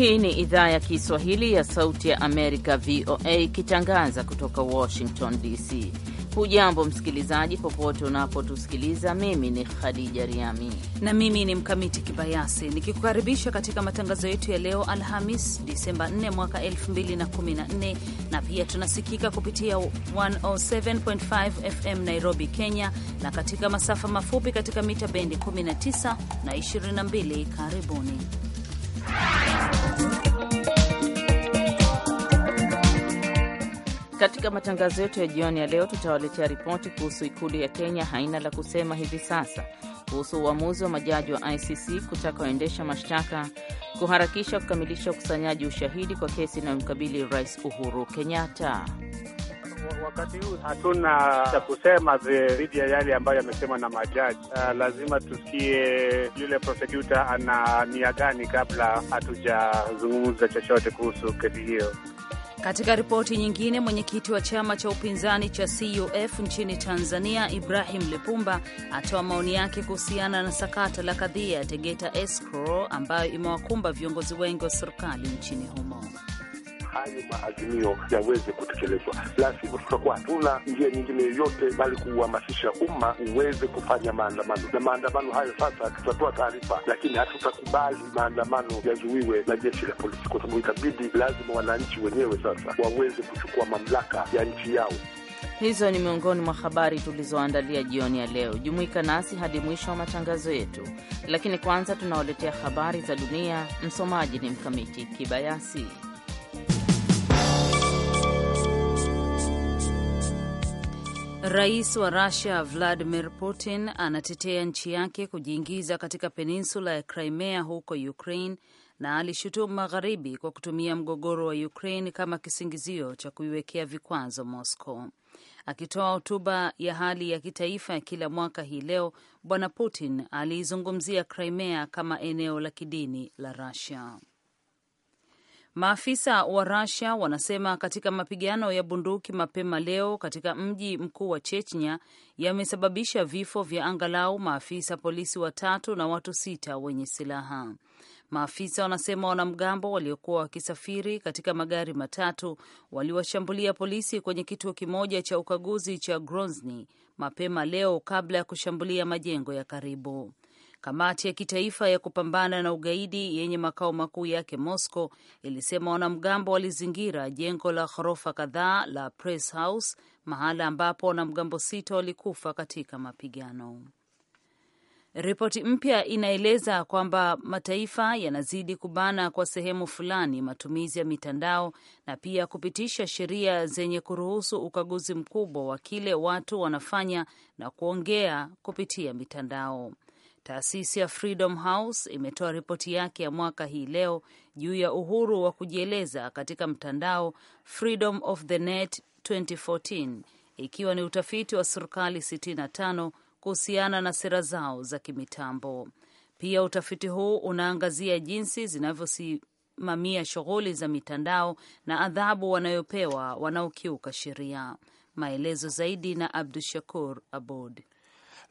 Hii ni idhaa ya Kiswahili ya Sauti ya Amerika, VOA, ikitangaza kutoka Washington DC. Hujambo msikilizaji, popote unapotusikiliza. Mimi ni Khadija Riami na mimi ni Mkamiti Kibayasi nikikukaribisha katika matangazo yetu ya leo Alhamis, Disemba 4 mwaka 2014, na pia tunasikika kupitia 107.5 FM Nairobi, Kenya, na katika masafa mafupi katika mita bendi 19 na 22. Karibuni. Katika matangazo yetu ya jioni ya leo, tutawaletea ripoti kuhusu ikulu ya Kenya haina la kusema hivi sasa kuhusu uamuzi wa majaji wa ICC kutaka waendesha mashtaka kuharakisha kukamilisha ukusanyaji ushahidi kwa kesi inayomkabili Rais Uhuru Kenyatta wakati huu hatuna cha kusema dhidi ya yale ambayo yamesemwa na majaji. Uh, lazima tusikie yule prosecutor ana nia gani kabla hatujazungumza chochote kuhusu kesi hiyo. Katika ripoti nyingine, mwenyekiti wa chama cha upinzani cha CUF nchini Tanzania, Ibrahim Lipumba, atoa maoni yake kuhusiana na sakata la kadhia ya Tegeta Escrow ambayo imewakumba viongozi wengi wa serikali nchini humo hayo maazimio yaweze kutekelezwa, la sivyo tutakuwa hatuna njia nyingine yoyote bali kuhamasisha umma uweze kufanya maandamano. Na maandamano hayo sasa, tutatoa taarifa, lakini hatutakubali maandamano yazuiwe na jeshi la polisi, kwa sababu itabidi lazima wananchi wenyewe sasa waweze kuchukua mamlaka ya nchi yao. Hizo ni miongoni mwa habari tulizoandalia jioni ya leo. Jumuika nasi hadi mwisho wa matangazo yetu, lakini kwanza tunawaletea habari za dunia. Msomaji ni Mkamiti Kibayasi. Rais wa Rusia Vladimir Putin anatetea nchi yake kujiingiza katika peninsula ya Crimea huko Ukraine na alishutumu magharibi kwa kutumia mgogoro wa Ukraine kama kisingizio cha kuiwekea vikwazo Moscow. Akitoa hotuba ya hali ya kitaifa ya kila mwaka hii leo, Bwana Putin aliizungumzia Crimea kama eneo la kidini la Rusia. Maafisa wa rasia wanasema katika mapigano ya bunduki mapema leo katika mji mkuu wa Chechnya yamesababisha vifo vya angalau maafisa polisi watatu na watu sita wenye silaha. Maafisa wanasema wanamgambo waliokuwa wakisafiri katika magari matatu waliwashambulia polisi kwenye kituo kimoja cha ukaguzi cha Grozny mapema leo kabla ya kushambulia majengo ya karibu. Kamati ya kitaifa ya kupambana na ugaidi yenye makao makuu yake Moscow ilisema wanamgambo walizingira jengo la ghorofa kadhaa la Press House, mahala ambapo wanamgambo sita walikufa katika mapigano. Ripoti mpya inaeleza kwamba mataifa yanazidi kubana kwa sehemu fulani matumizi ya mitandao na pia kupitisha sheria zenye kuruhusu ukaguzi mkubwa wa kile watu wanafanya na kuongea kupitia mitandao. Taasisi ya Freedom House imetoa ripoti yake ya mwaka hii leo juu ya uhuru wa kujieleza katika mtandao Freedom of the Net 2014 ikiwa ni utafiti wa serikali 65 kuhusiana na sera zao za kimitambo. Pia utafiti huu unaangazia jinsi zinavyosimamia shughuli za mitandao na adhabu wanayopewa wanaokiuka sheria. Maelezo zaidi na Abdu Shakur Abud.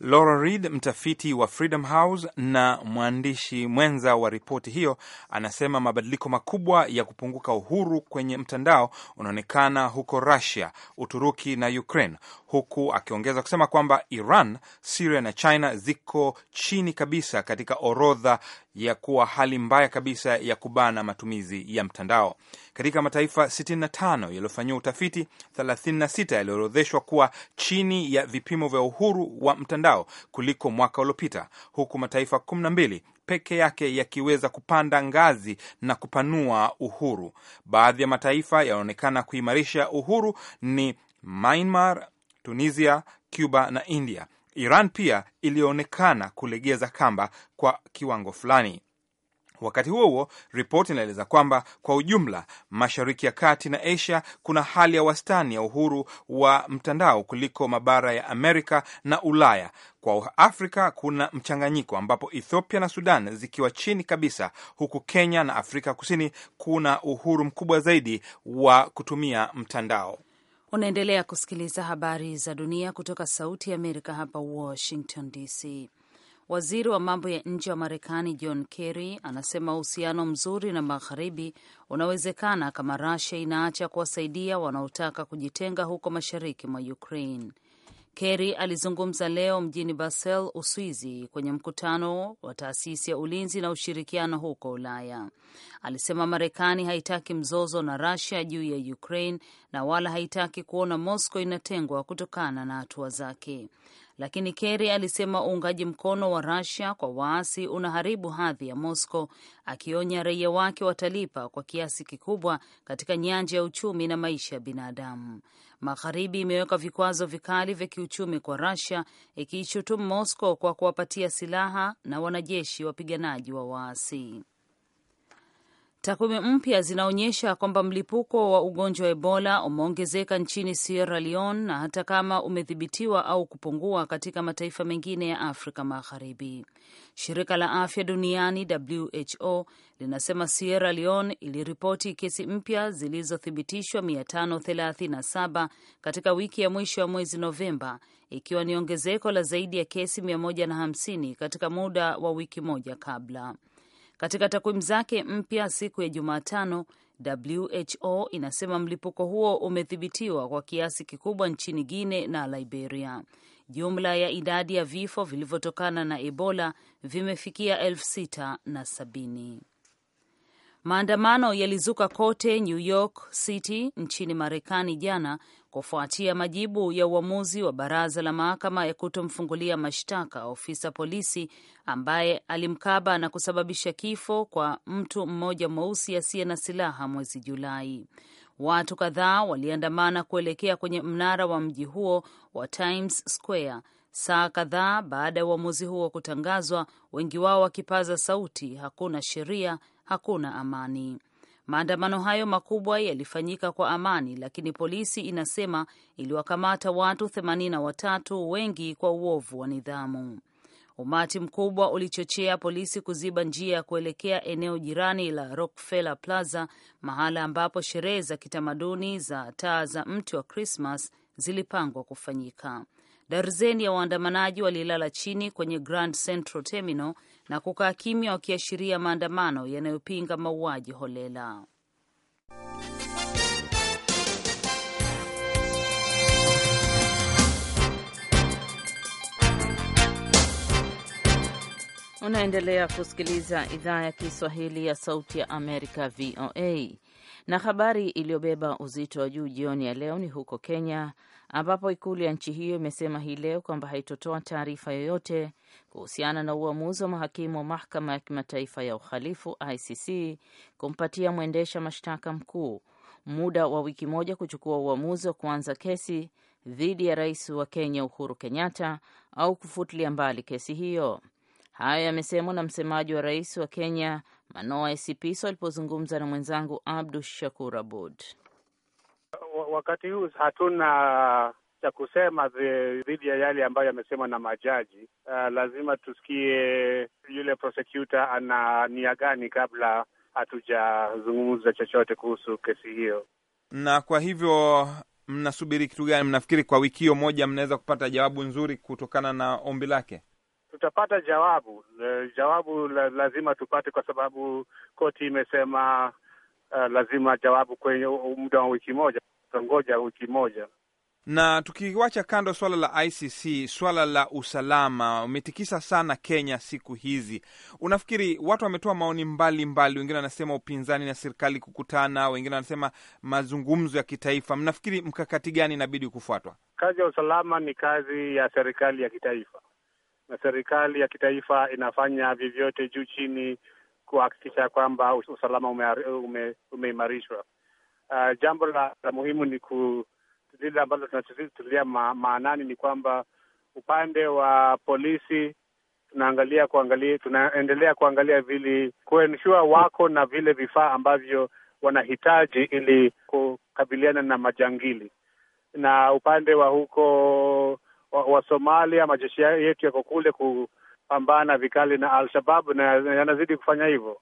Laura Reed, mtafiti wa Freedom House na mwandishi mwenza wa ripoti hiyo, anasema mabadiliko makubwa ya kupunguka uhuru kwenye mtandao unaonekana huko Russia, Uturuki na Ukraine, huku akiongeza kusema kwamba Iran, siria na China ziko chini kabisa katika orodha ya kuwa hali mbaya kabisa ya kubana matumizi ya mtandao. Katika mataifa 65 yaliyofanyiwa utafiti, 36 yaliorodheshwa kuwa chini ya vipimo vya uhuru wa mtandao kuliko mwaka uliopita, huku mataifa 12 peke yake yakiweza kupanda ngazi na kupanua uhuru. Baadhi ya mataifa yanaonekana kuimarisha uhuru ni Myanmar, Tunisia, Cuba na India. Iran pia ilionekana kulegeza kamba kwa kiwango fulani. Wakati huo huo, ripoti inaeleza kwamba kwa ujumla Mashariki ya Kati na Asia kuna hali ya wastani ya uhuru wa mtandao kuliko mabara ya Amerika na Ulaya. Kwa Afrika kuna mchanganyiko ambapo Ethiopia na Sudan zikiwa chini kabisa, huku Kenya na Afrika Kusini kuna uhuru mkubwa zaidi wa kutumia mtandao. Unaendelea kusikiliza habari za dunia kutoka Sauti ya Amerika hapa Washington DC. Waziri wa mambo ya nje wa Marekani John Kerry anasema uhusiano mzuri na magharibi unawezekana kama Russia inaacha kuwasaidia wanaotaka kujitenga huko mashariki mwa Ukraine. Kerry alizungumza leo mjini Basel, Uswizi, kwenye mkutano wa taasisi ya ulinzi na ushirikiano huko Ulaya. Alisema Marekani haitaki mzozo na rasia juu ya Ukraine na wala haitaki kuona Moscow inatengwa kutokana na hatua zake. Lakini Kerry alisema uungaji mkono wa Russia kwa waasi unaharibu hadhi ya Moscow, akionya raia wake watalipa kwa kiasi kikubwa katika nyanja ya uchumi na maisha ya binadamu. Magharibi imeweka vikwazo vikali vya kiuchumi kwa Russia, ikiishutumu Moscow kwa kuwapatia silaha na wanajeshi wapiganaji wa waasi. Takwimu mpya zinaonyesha kwamba mlipuko wa ugonjwa wa Ebola umeongezeka nchini Sierra Leone na hata kama umedhibitiwa au kupungua katika mataifa mengine ya Afrika Magharibi. Shirika la Afya Duniani WHO linasema Sierra Leone iliripoti kesi mpya zilizothibitishwa 537 katika wiki ya mwisho ya mwezi Novemba, ikiwa ni ongezeko la zaidi ya kesi 150 katika muda wa wiki moja kabla. Katika takwimu zake mpya siku ya Jumatano, WHO inasema mlipuko huo umethibitiwa kwa kiasi kikubwa nchini Guinea na Liberia. Jumla ya idadi ya vifo vilivyotokana na Ebola vimefikia elfu sita na sabini. Maandamano yalizuka kote New York City nchini Marekani jana kufuatia majibu ya uamuzi wa baraza la mahakama ya kutomfungulia mashtaka ofisa polisi ambaye alimkaba na kusababisha kifo kwa mtu mmoja mweusi asiye na silaha mwezi Julai. Watu kadhaa waliandamana kuelekea kwenye mnara wa mji huo wa Times Square saa kadhaa baada ya uamuzi huo kutangazwa, wengi wao wakipaza sauti hakuna sheria, hakuna amani. Maandamano hayo makubwa yalifanyika kwa amani, lakini polisi inasema iliwakamata watu watatu wengi kwa uovu wa nidhamu. Umati mkubwa ulichochea polisi kuziba njia ya kuelekea eneo jirani la Rockefeller Plaza, mahala ambapo sherehe za kitamaduni za taa za mti wa Krismas zilipangwa kufanyika. Darzeni ya waandamanaji walilala chini kwenye Grand Central Terminal na kukaa kimya wakiashiria maandamano yanayopinga mauaji holela. Unaendelea kusikiliza idhaa ya Kiswahili ya Sauti ya Amerika, VOA. Na habari iliyobeba uzito wa juu jioni ya leo ni huko Kenya ambapo ikulu ya nchi hiyo imesema hii leo kwamba haitotoa taarifa yoyote kuhusiana na uamuzi wa mahakimu wa mahakama ya kimataifa ya uhalifu ICC kumpatia mwendesha mashtaka mkuu muda wa wiki moja kuchukua uamuzi wa kuanza kesi dhidi ya rais wa Kenya Uhuru Kenyatta au kufutilia mbali kesi hiyo. Hayo yamesemwa na msemaji wa rais wa Kenya Manoa Esipiso alipozungumza na mwenzangu Abdu Shakur Abud wakati huu hatuna cha kusema dhidi ya yale ambayo yamesemwa na majaji. Uh, lazima tusikie yule prosecutor ana nia gani kabla hatujazungumza chochote kuhusu kesi hiyo. Na kwa hivyo mnasubiri kitu gani? Mnafikiri kwa wiki hiyo moja mnaweza kupata jawabu nzuri kutokana na ombi lake? Tutapata jawabu. Uh, jawabu lazima tupate kwa sababu koti imesema uh, lazima jawabu kwenye muda wa wiki moja tutangoja wiki moja. Na tukiwacha kando swala la ICC, swala la usalama umetikisa sana Kenya siku hizi. Unafikiri watu wametoa maoni mbalimbali, wengine wanasema upinzani na serikali kukutana, wengine wanasema mazungumzo ya kitaifa. Mnafikiri mkakati gani inabidi kufuatwa? Kazi ya usalama ni kazi ya serikali ya kitaifa, na serikali ya kitaifa inafanya vyovyote juu chini kuhakikisha kwamba usalama umeimarishwa ume, ume uh, jambo la, la muhimu ni ku lile ambalo tunachotutilia ma, maanani ni kwamba upande wa polisi tunaangalia kuangalia, tunaendelea kuangalia vile kuenshua wako na vile vifaa ambavyo wanahitaji ili kukabiliana na majangili. Na upande wa huko wa, wa Somalia, majeshi yetu yako kule kupambana vikali na al shababu na yanazidi kufanya hivyo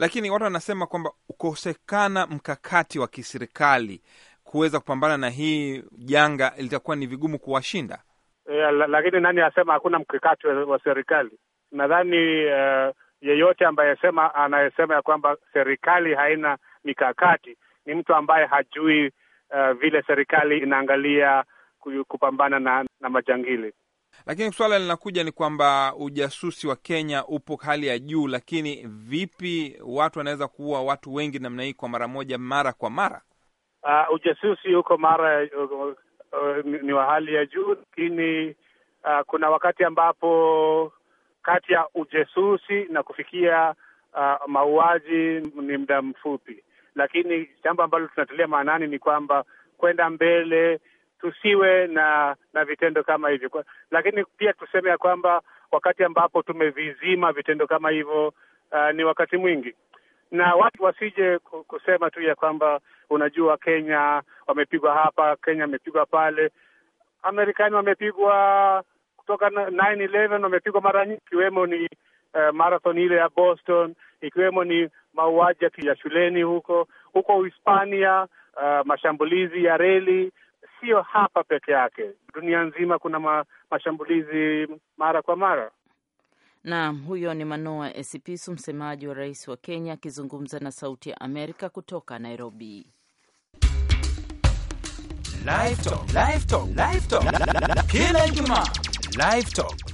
lakini watu wanasema kwamba kukosekana mkakati wa kiserikali kuweza kupambana na hii janga litakuwa ni vigumu kuwashinda. Yeah, lakini nani asema hakuna mkakati wa, wa serikali? Nadhani uh, yeyote ambaye sema anayesema ya kwamba serikali haina mikakati ni mtu ambaye hajui uh, vile serikali inaangalia kupambana na, na majangili. Lakini suala linakuja ni kwamba ujasusi wa Kenya upo hali ya juu, lakini vipi watu wanaweza kuua watu wengi namna hii kwa mara moja, mara kwa mara? Uh, ujasusi huko mara uh, uh, ni wa hali ya juu, lakini uh, kuna wakati ambapo kati ya ujasusi na kufikia uh, mauaji ni muda mfupi, lakini jambo ambalo tunatilia maanani ni kwamba kwenda mbele tusiwe na na vitendo kama hivyo, lakini pia tuseme ya kwamba wakati ambapo tumevizima vitendo kama hivyo uh, ni wakati mwingi, na watu wasije kusema tu ya kwamba unajua, Kenya wamepigwa hapa, Kenya wamepigwa pale, Amerikani wamepigwa kutoka 9/11 wamepigwa mara nyingi, ikiwemo ni uh, marathon ile ya Boston, ikiwemo ni mauaji ya shuleni huko huko Uhispania, uh, mashambulizi ya reli sio hapa peke yake, dunia nzima kuna ma, mashambulizi mara kwa mara. Naam, huyo ni Manoa Esipisu, msemaji wa rais wa Kenya, akizungumza na Sauti ya Amerika kutoka Nairobi. Kila Ijumaa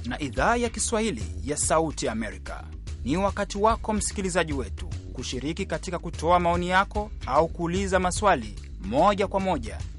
na idhaa ya Kiswahili ya Sauti ya Amerika ni wakati wako msikilizaji wetu kushiriki katika kutoa maoni yako au kuuliza maswali moja kwa moja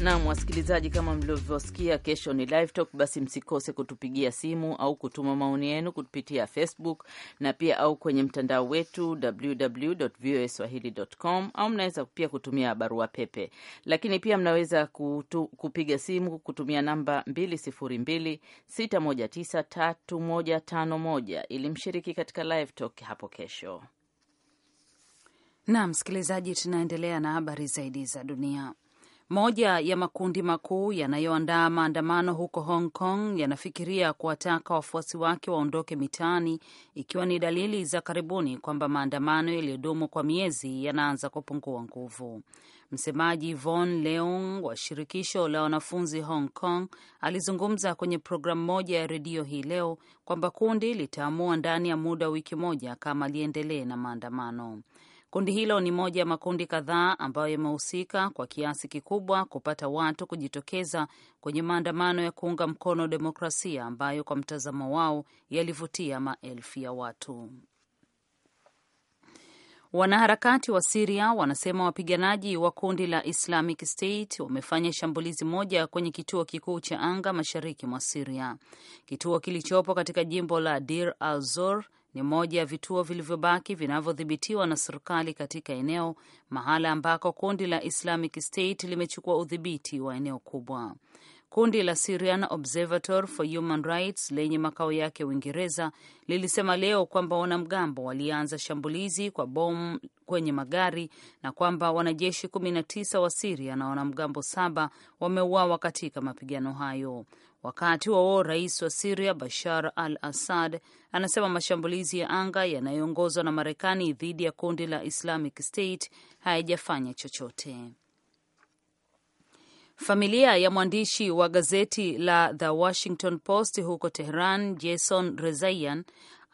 Naam, wasikilizaji, kama mlivyosikia, kesho ni live talk. Basi msikose kutupigia simu au kutuma maoni yenu kupitia Facebook na pia au kwenye mtandao wetu www.voaswahili.com, au mnaweza pia kutumia barua pepe, lakini pia mnaweza kutu, kupiga simu kutumia namba 2026193151 ili mshiriki katika live talk hapo kesho. Naam msikilizaji, tunaendelea na habari zaidi za dunia. Moja ya makundi makuu yanayoandaa maandamano huko Hong Kong yanafikiria kuwataka wafuasi wake waondoke mitaani, ikiwa ni dalili za karibuni kwamba maandamano yaliyodumu kwa miezi yanaanza kupungua nguvu. Msemaji Von Leung wa shirikisho la wanafunzi Hong Kong alizungumza kwenye programu moja ya redio hii leo kwamba kundi litaamua ndani ya muda wa wiki moja kama liendelee na maandamano. Kundi hilo ni moja ya makundi kadhaa ambayo yamehusika kwa kiasi kikubwa kupata watu kujitokeza kwenye maandamano ya kuunga mkono demokrasia ambayo kwa mtazamo wao yalivutia maelfu ya watu. Wanaharakati wa Siria wanasema wapiganaji wa kundi la Islamic State wamefanya shambulizi moja kwenye kituo kikuu cha anga mashariki mwa Siria. Kituo kilichopo katika jimbo la Dir al Zor ni moja ya vituo vilivyobaki vinavyodhibitiwa na serikali katika eneo, mahala ambako kundi la Islamic State limechukua udhibiti wa eneo kubwa. Kundi la Syrian Observatory for Human Rights lenye makao yake Uingereza lilisema leo kwamba wanamgambo walianza shambulizi kwa bomu kwenye magari na kwamba wanajeshi 19 wa Siria na wanamgambo saba wameuawa katika mapigano hayo. Wakati wao rais wa Siria Bashar al Assad anasema mashambulizi ya anga yanayoongozwa na Marekani dhidi ya kundi la Islamic State hayajafanya chochote. Familia ya mwandishi wa gazeti la The Washington Post huko Tehran, Jason Rezaian,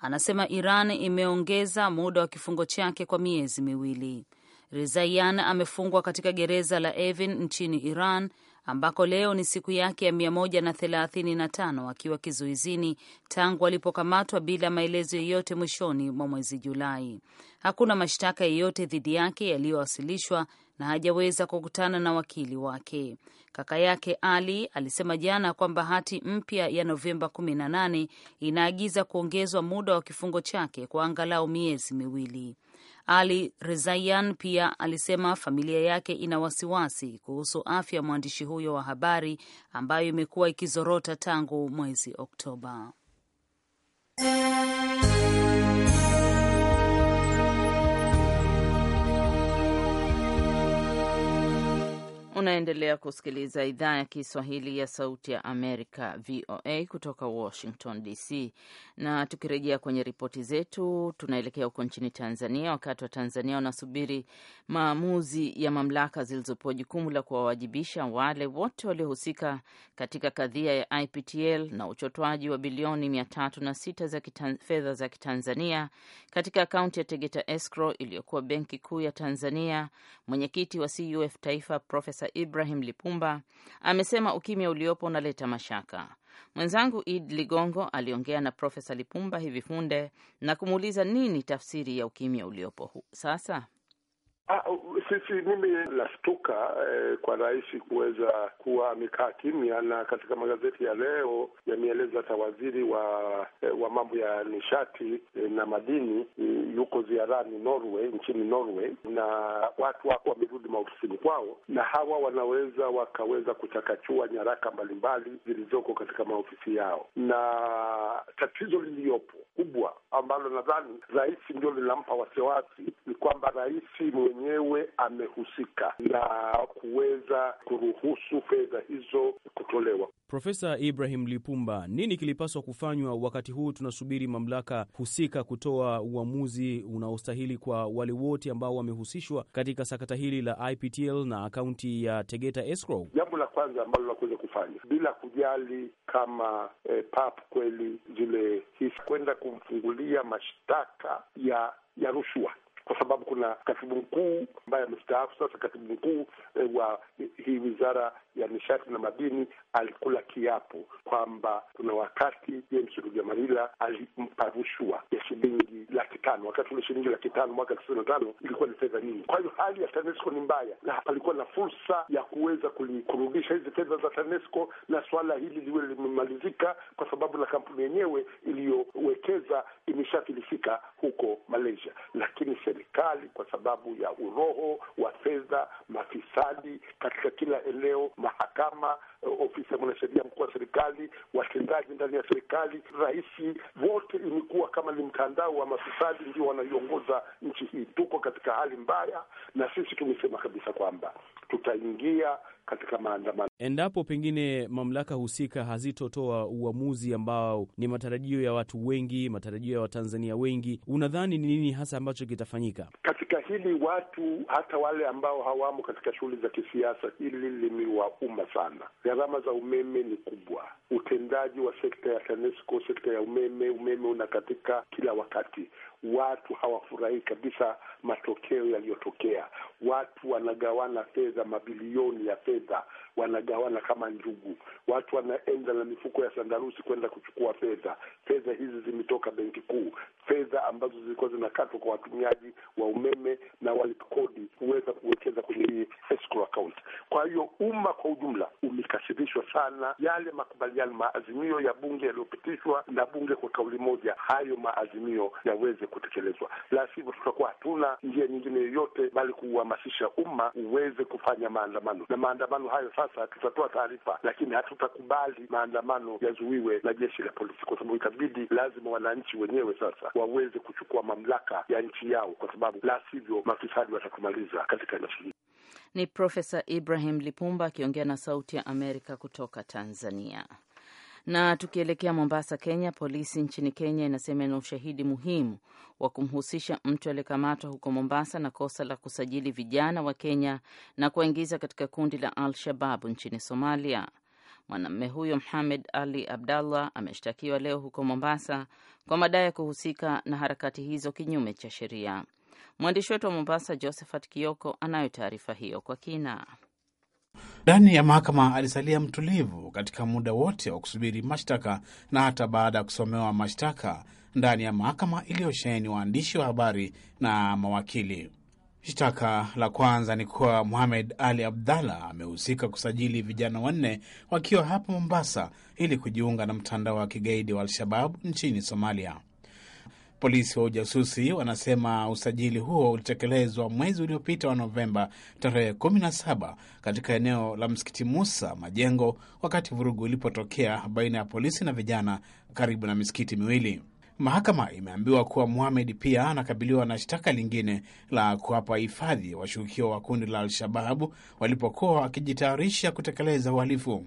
anasema Iran imeongeza muda wa kifungo chake kwa miezi miwili. Rezaian amefungwa katika gereza la Evin nchini Iran ambako leo ni siku yake ya 135 akiwa kizuizini tangu alipokamatwa bila maelezo yoyote mwishoni mwa mwezi Julai. Hakuna mashtaka yeyote dhidi yake yaliyowasilishwa na hajaweza kukutana na wakili wake. Kaka yake Ali alisema jana kwamba hati mpya ya Novemba 18 inaagiza kuongezwa muda wa kifungo chake kwa angalau miezi miwili. Ali Rezaian pia alisema familia yake ina wasiwasi kuhusu afya ya mwandishi huyo wa habari ambayo imekuwa ikizorota tangu mwezi Oktoba. Unaendelea kusikiliza idhaa ya Kiswahili ya Sauti ya Amerika, VOA, kutoka Washington DC. Na tukirejea kwenye ripoti zetu, tunaelekea huko nchini Tanzania, wakati wa Tanzania wanasubiri maamuzi ya mamlaka zilizopewa jukumu la kuwawajibisha wale wote waliohusika katika kadhia ya IPTL na uchotwaji wa bilioni mia tatu na sita za fedha za Kitanzania katika akaunti ya Tegeta Escrow iliyokuwa Benki Kuu ya Tanzania. Mwenyekiti wa CUF Taifa Profesa Ibrahim Lipumba amesema ukimya uliopo unaleta mashaka. Mwenzangu Id Ligongo aliongea na Profesa Lipumba hivi punde na kumuuliza nini tafsiri ya ukimya uliopo sasa. Ah, sisi mimi nashtuka eh, kwa rais kuweza kuwa amekaa kimya, na katika magazeti ya leo yameeleza hata waziri wa eh, wa mambo ya nishati eh, na madini eh, yuko ziarani Norway, nchini Norway, na watu wako wamerudi maofisini kwao, na hawa wanaweza wakaweza kuchakachua nyaraka mbalimbali zilizoko katika maofisi yao, na tatizo liliyopo kubwa ambalo nadhani rais ndio linampa wasiwasi ni kwamba rais mwenyewe amehusika na kuweza kuruhusu fedha hizo kutolewa. Profesa Ibrahim Lipumba, nini kilipaswa kufanywa wakati huu tunasubiri mamlaka husika kutoa uamuzi unaostahili kwa wale wote ambao wamehusishwa katika sakata hili la IPTL na akaunti ya Tegeta Escrow? Jambo la kwanza ambalo la kuweza kufanya bila kujali kama eh, pap kweli zile hisi kwenda kumfungulia mashtaka ya ya rushwa kwa sababu kuna katibu mkuu ambaye amestaafu sasa, katibu mkuu e, wa hii wizara ya nishati na madini alikula kiapo kwamba kuna wakati James Rugemalira alimpa rushwa ya shilingi laki tano. Wakati ule shilingi laki tano mwaka tisini na tano ilikuwa ni fedha nyingi. Kwa hiyo hali ya TANESCO ni mbaya, na palikuwa na fursa ya kuweza kurudisha hizi fedha za TANESCO na suala hili liwe limemalizika, kwa sababu na kampuni yenyewe iliyowekeza imeshafilisika huko Malaysia, lakini serikali kwa sababu ya uroho wa fedha, mafisadi katika kila eneo, mahakama Eh, ofisi ya mwanasheria mkuu wa serikali, watendaji ndani ya serikali, rais, wote imekuwa kama ni mtandao wa mafisadi ndio wanaiongoza nchi hii. Tuko katika hali mbaya, na sisi tumesema kabisa kwamba tutaingia katika maandamano endapo pengine mamlaka husika hazitotoa uamuzi ambao ni matarajio ya watu wengi, matarajio ya Watanzania wengi. Unadhani ni nini hasa ambacho kitafanyika katika hili? Watu hata wale ambao hawamo katika shughuli za kisiasa, hili limewauma sana gharama za umeme ni kubwa. Utendaji wa sekta ya TANESCO, sekta ya umeme, umeme unakatika kila wakati. Watu hawafurahii kabisa matokeo yaliyotokea. Watu wanagawana fedha, mabilioni ya fedha wanagawana kama njugu. Watu wanaenda na mifuko ya sandarusi kwenda kuchukua fedha. Fedha hizi zimetoka benki kuu, fedha ambazo zilikuwa zinakatwa kwa watumiaji wa umeme na walipa kodi kuweza kuwekeza kwenye hii escrow account. Kwa hiyo umma kwa ujumla umekasirishwa sana, yale makubaliano, maazimio ya bunge yaliyopitishwa na bunge kwa kauli moja, hayo maazimio yaweze kutekelezwa, la sivyo tutakuwa hatuna njia nyingine yoyote bali kuuhamasisha umma uweze kufanya maandamano na maandamano hayo sasa sasa tutatoa taarifa, lakini hatutakubali maandamano yazuiwe na jeshi la polisi, kwa sababu itabidi lazima wananchi wenyewe sasa waweze kuchukua mamlaka ya nchi yao, kwa sababu la sivyo mafisadi watatumaliza katika nchi hii. Ni Profesa Ibrahim Lipumba akiongea na Sauti ya Amerika kutoka Tanzania. Na tukielekea Mombasa, Kenya, polisi nchini Kenya inasema ina ushahidi muhimu wa kumhusisha mtu aliyekamatwa huko Mombasa na kosa la kusajili vijana wa Kenya na kuwaingiza katika kundi la Al-Shababu nchini Somalia. Mwanamume huyo mhamed Ali Abdallah ameshtakiwa leo huko Mombasa kwa madai ya kuhusika na harakati hizo kinyume cha sheria. Mwandishi wetu wa Mombasa, Josephat Kioko, anayo taarifa hiyo kwa kina. Ndani ya mahakama alisalia mtulivu katika muda wote wa kusubiri mashtaka na hata baada ya kusomewa mashtaka ndani ya mahakama iliyosheheni waandishi wa habari na mawakili. Shtaka la kwanza ni kuwa muhamed Ali Abdallah amehusika kusajili vijana wanne wakiwa hapa Mombasa ili kujiunga na mtandao wa kigaidi wa Al-Shabab nchini Somalia. Polisi wa ujasusi wanasema usajili huo ulitekelezwa mwezi uliopita wa Novemba tarehe 17 katika eneo la msikiti Musa Majengo, wakati vurugu ilipotokea baina ya polisi na vijana karibu na misikiti miwili. Mahakama imeambiwa kuwa Muhamed pia anakabiliwa na shtaka lingine la kuwapa hifadhi washukiwa wa kundi la Al-Shababu walipokuwa wakijitayarisha kutekeleza uhalifu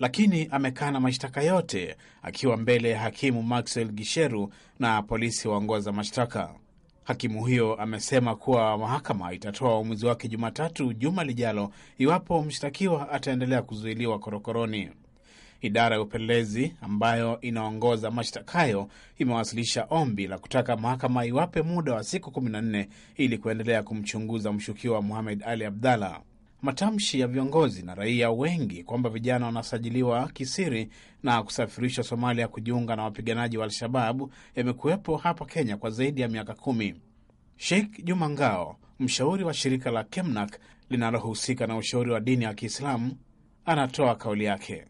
lakini amekana mashtaka yote akiwa mbele ya hakimu Maxwell Gisheru na polisi waongoza mashtaka. Hakimu huyo amesema kuwa mahakama itatoa uamuzi wake Jumatatu juma lijalo iwapo mshtakiwa ataendelea kuzuiliwa korokoroni. Idara ya upelelezi ambayo inaongoza mashtaka hayo imewasilisha ombi la kutaka mahakama iwape muda wa siku 14 ili kuendelea kumchunguza mshukiwa muhamed Ali abdallah matamshi ya viongozi na raia wengi kwamba vijana wanasajiliwa kisiri na kusafirishwa Somalia kujiunga na wapiganaji wa Al-Shababu yamekuwepo hapa Kenya kwa zaidi ya miaka kumi. Sheikh Juma Ngao, mshauri wa shirika la Kemnak linalohusika na ushauri wa dini ya Kiislamu, anatoa kauli yake.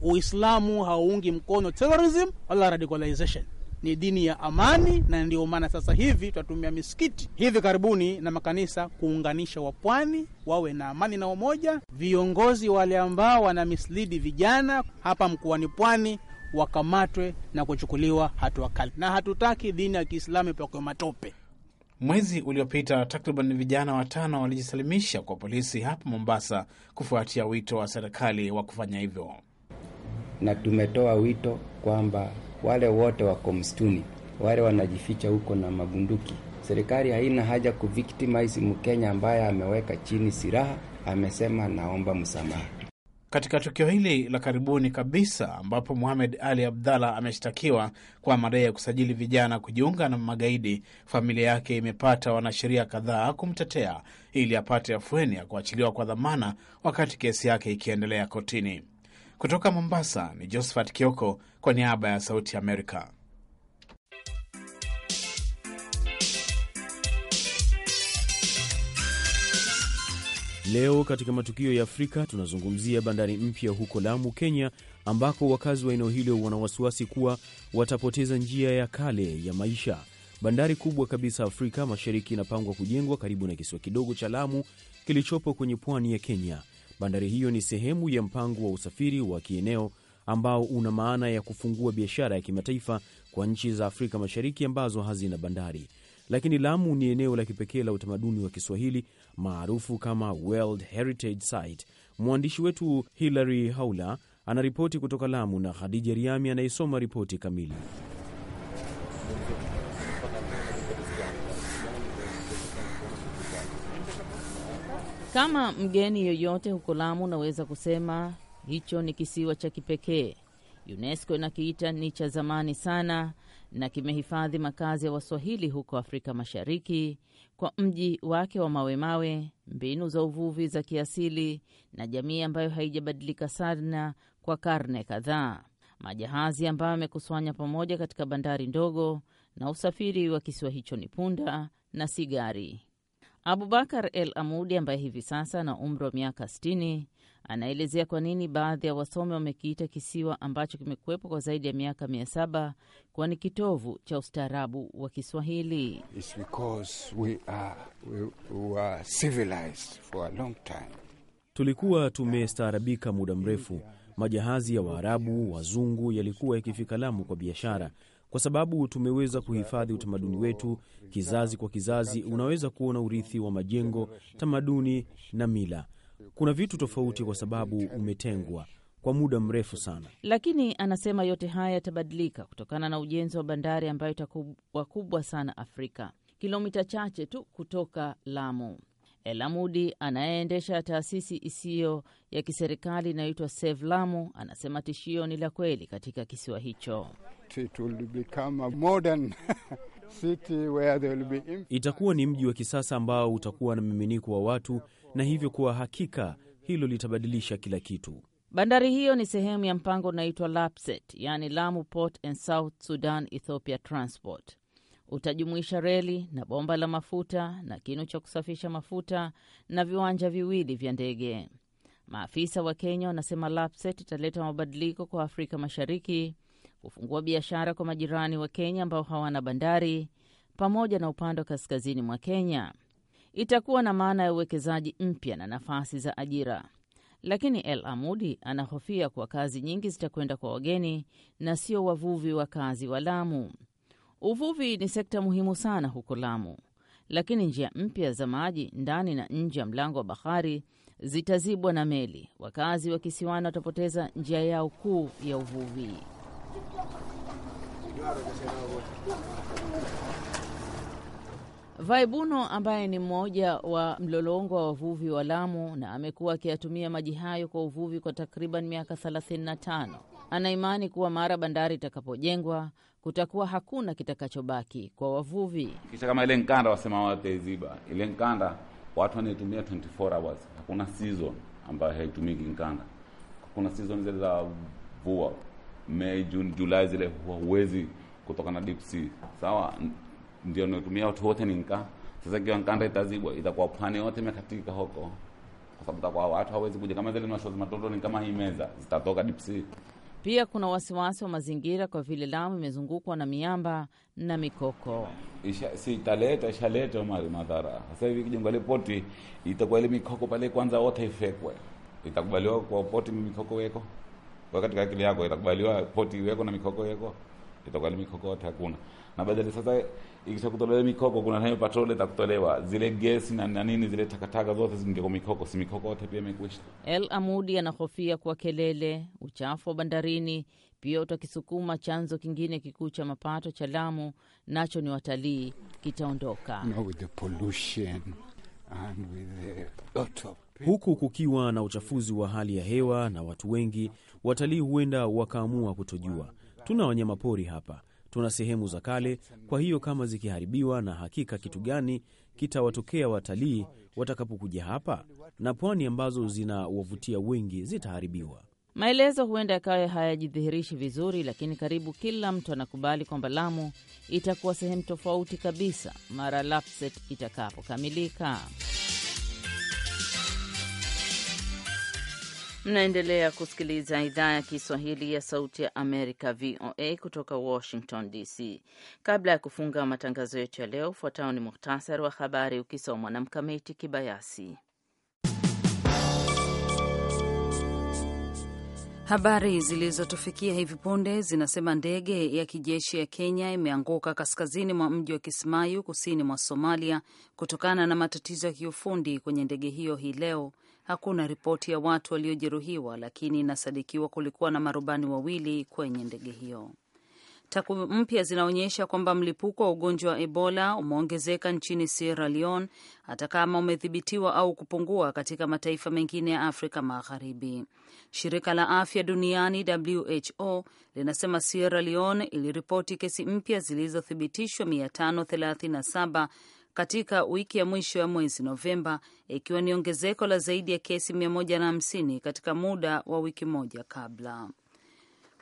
Uislamu hauungi mkono terrorism wala radicalization ni dini ya amani, na ndio maana sasa hivi tutatumia misikiti hivi karibuni na makanisa kuunganisha wapwani wawe na amani na umoja. Viongozi wale ambao wana mislidi vijana hapa mkoani Pwani wakamatwe na kuchukuliwa hatua kali, na hatutaki dini ya Kiislamu ipakwe matope. Mwezi uliopita takriban vijana watano walijisalimisha kwa polisi hapa Mombasa kufuatia wito wa serikali wa kufanya hivyo, na tumetoa wito kwamba wale wote wako msituni, wale wanajificha huko na mabunduki. Serikali haina haja kuvictimize Mkenya ambaye ameweka chini silaha, amesema naomba msamaha. Katika tukio hili la karibuni kabisa ambapo muhamed Ali Abdalla ameshtakiwa kwa madai ya kusajili vijana kujiunga na magaidi, familia yake imepata wanasheria kadhaa kumtetea ili apate afueni ya kuachiliwa kwa dhamana wakati kesi yake ikiendelea kotini. Kutoka Mombasa ni Josephat Kioko, kwa niaba ya Sauti Amerika. Leo katika matukio ya Afrika tunazungumzia bandari mpya huko Lamu, Kenya, ambako wakazi wa eneo hilo wana wasiwasi kuwa watapoteza njia ya kale ya maisha. Bandari kubwa kabisa Afrika Mashariki inapangwa kujengwa karibu na kisiwa kidogo cha Lamu kilichopo kwenye pwani ya Kenya. Bandari hiyo ni sehemu ya mpango wa usafiri wa kieneo ambao una maana ya kufungua biashara ya kimataifa kwa nchi za Afrika Mashariki ambazo hazina bandari. Lakini Lamu ni eneo la kipekee la utamaduni wa Kiswahili maarufu kama World Heritage Site. Mwandishi wetu Hilary Haula anaripoti kutoka Lamu na Khadija Riami anayesoma ripoti kamili. Kama mgeni yoyote huko Lamu, unaweza kusema hicho ni kisiwa cha kipekee. UNESCO inakiita ni cha zamani sana na kimehifadhi makazi ya Waswahili huko Afrika Mashariki kwa mji wake wa mawemawe, mbinu za uvuvi za kiasili na jamii ambayo haijabadilika sana kwa karne kadhaa. Majahazi ambayo yamekusanya pamoja katika bandari ndogo na usafiri wa kisiwa hicho ni punda na si gari. Abubakar El Amudi ambaye hivi sasa ana umri wa miaka 60 anaelezea kwa nini baadhi ya wasomi wamekiita kisiwa ambacho kimekuwepo kwa zaidi ya miaka mia saba kuwa ni kitovu cha ustaarabu wa Kiswahili. Tulikuwa tumestaarabika muda mrefu. Majahazi ya Waarabu wazungu yalikuwa yakifika Lamu kwa biashara kwa sababu tumeweza kuhifadhi utamaduni wetu kizazi kwa kizazi. Unaweza kuona urithi wa majengo, tamaduni na mila. Kuna vitu tofauti kwa sababu umetengwa kwa muda mrefu sana, lakini anasema yote haya yatabadilika kutokana na ujenzi wa bandari ambayo itakuwa kubwa sana Afrika, kilomita chache tu kutoka Lamu. Elamudi anayeendesha taasisi isiyo ya kiserikali inayoitwa Save Lamu anasema tishio ni la kweli katika kisiwa hicho. Itakuwa ni mji wa kisasa ambao utakuwa na miminiko wa watu, na hivyo kwa hakika hilo litabadilisha kila kitu. Bandari hiyo ni sehemu ya mpango unaoitwa LAPSET, yani Lamu Port and South Sudan Ethiopia Transport. Utajumuisha reli na bomba la mafuta na kinu cha kusafisha mafuta na viwanja viwili vya ndege. Maafisa wa Kenya wanasema LAPSET italeta mabadiliko kwa Afrika Mashariki kufungua biashara kwa majirani wa Kenya ambao hawana bandari pamoja na upande wa kaskazini mwa Kenya. Itakuwa na maana ya uwekezaji mpya na nafasi za ajira, lakini El Amudi anahofia kuwa kazi nyingi zitakwenda kwa wageni na sio wavuvi wa kazi wa Lamu. Uvuvi ni sekta muhimu sana huko Lamu, lakini njia mpya za maji ndani na nje ya mlango wa bahari zitazibwa na meli. Wakazi wa kisiwani watapoteza njia yao kuu ya uvuvi. Vaibuno ambaye ni mmoja wa mlolongo wa wavuvi wa Lamu na amekuwa akiyatumia maji hayo kwa uvuvi kwa takriban miaka 35 anaimani kuwa mara bandari itakapojengwa kutakuwa hakuna kitakachobaki kwa wavuvi. Kisha kama ile nkanda wasema wataiziba ile nkanda, watu wanaitumia 24 hours. Hakuna season ambayo haitumiki nkanda, hakuna season zile za vua Mei, Juni, Julai zile huwezi kutoka na deep sea. Sawa, ndio nimetumia watu wote ninka sasa, kiwa nkanda itazibwa itakuwa pwani yote imekatika huko, kwa sababu takuwa watu hawezi kuja kama zile mashozi matoto ni kama hii meza zitatoka deep sea. Pia kuna wasiwasi wa mazingira kwa vile Lamu imezungukwa na miamba na mikoko. Isha, si italeta ishaleta mali madhara. Sasa hivi kijengo ile poti itakuwa ile mikoko pale kwanza wote ifekwe, itakubaliwa kwa poti mikoko weko kwa katika akili yako itakubaliwa poti iweko na mikoko iweko, itakubali mikoko yote hakuna. Na badala sasa ikisha kutolewa mikoko, kuna nayo patrol itakutolewa zile gesi na, nini zile takataka zote zingeko mikoko, si mikoko yote pia imekwisha. El Amudi anahofia kwa kelele, uchafu wa bandarini pia utakisukuma chanzo kingine kikuu cha mapato cha Lamu, nacho ni watalii, kitaondoka. No, with the pollution and with the lot huku kukiwa na uchafuzi wa hali ya hewa na watu wengi, watalii huenda wakaamua kutojua tuna wanyama pori hapa, tuna sehemu za kale. Kwa hiyo kama zikiharibiwa, na hakika kitu gani kitawatokea watalii watakapokuja hapa? Na pwani ambazo zinawavutia wengi zitaharibiwa. Maelezo huenda yakawa hayajidhihirishi vizuri, lakini karibu kila mtu anakubali kwamba Lamu itakuwa sehemu tofauti kabisa mara Lapset itakapokamilika. Mnaendelea kusikiliza idhaa ya Kiswahili ya Sauti ya Amerika, VOA, kutoka Washington DC. Kabla ya kufunga matangazo yetu ya leo, ufuatao ni muhtasari wa habari ukisomwa na Mkamiti Kibayasi. Habari zilizotufikia hivi punde zinasema ndege ya kijeshi ya Kenya imeanguka kaskazini mwa mji wa Kismayu, kusini mwa Somalia, kutokana na matatizo ya kiufundi kwenye ndege hiyo hii leo Hakuna ripoti ya watu waliojeruhiwa, lakini inasadikiwa kulikuwa na marubani wawili kwenye ndege hiyo. Takwimu mpya zinaonyesha kwamba mlipuko wa ugonjwa wa Ebola umeongezeka nchini Sierra Leone hata kama umedhibitiwa au kupungua katika mataifa mengine ya Afrika Magharibi. Shirika la Afya Duniani WHO linasema Sierra Leone iliripoti kesi mpya zilizothibitishwa 537 katika wiki ya mwisho ya mwezi Novemba, ikiwa ni ongezeko la zaidi ya kesi 150 katika muda wa wiki moja kabla.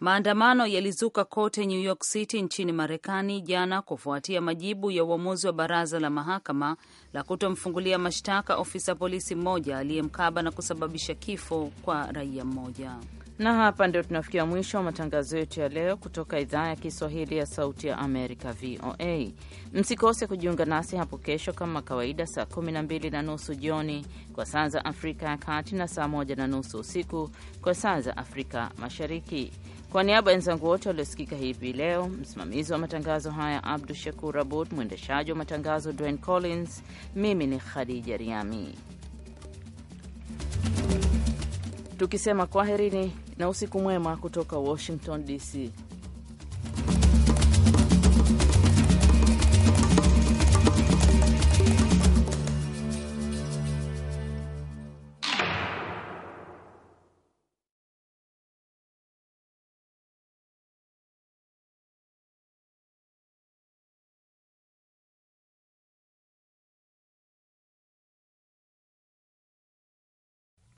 Maandamano yalizuka kote New York City nchini Marekani jana kufuatia majibu ya uamuzi wa baraza la mahakama la kutomfungulia mashtaka ofisa polisi mmoja aliyemkaba na kusababisha kifo kwa raia mmoja. Na hapa ndio tunafikia mwisho wa matangazo yetu ya leo kutoka idhaa ya Kiswahili ya Sauti ya Amerika, VOA. Msikose kujiunga nasi hapo kesho kama kawaida, saa 12 na nusu jioni kwa saa za Afrika ya Kati na saa moja na nusu usiku kwa saa za Afrika Mashariki. Kwa niaba ya wenzangu wote waliosikika hivi leo, msimamizi wa matangazo haya Abdu Shakur Abud, mwendeshaji wa matangazo Dwayne Collins, mimi ni Khadija Riami tukisema kwaherini na usiku mwema kutoka Washington DC.